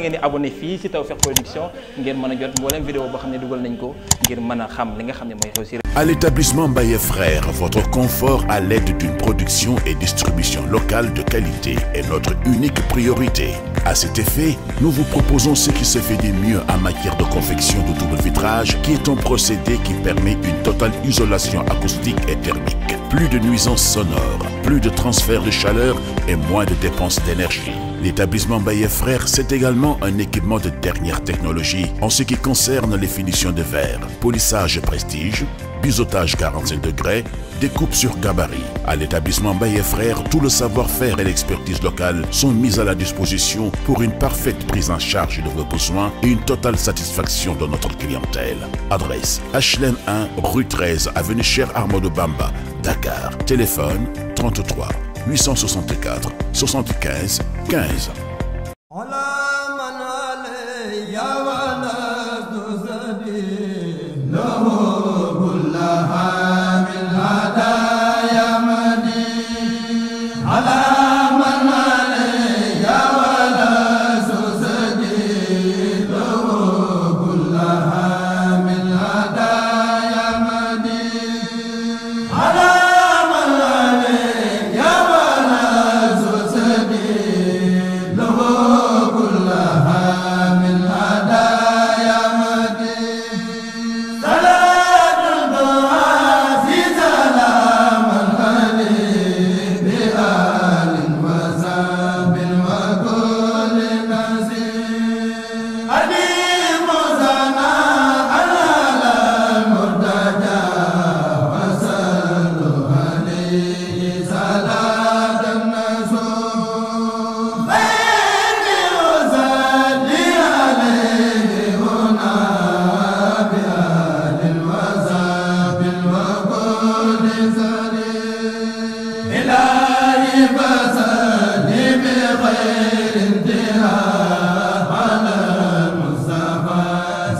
ngeen di abonné fii ci Tawfekh Production ngeen a boo xam ne dugal nañ ko ngir mën a xam li nga xam ne mooy xew ci À l'établissement Baye Frères, votre confort à l'aide d'une production et distribution locale de qualité est notre unique priorité. À cet effet, nous vous proposons ce qui se fait de mieux en matière de confection de double vitrage, qui est un procédé qui permet une totale isolation acoustique et thermique. Plus de nuisances sonores plus de transfert de chaleur et moins de dépenses d'énergie. L'établissement Baye Frères, c'est également un équipement de dernière technologie en ce qui concerne les finitions de verre, polissage prestige, biseautage 45 degrés, découpe sur gabarit. À l'établissement Baye Frères, tout le savoir-faire et l'expertise locale sont mis à la disposition pour une parfaite prise en charge de vos besoins et une totale satisfaction de notre clientèle. Adresse HLM 1, 33 864 75 15.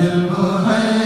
البهيج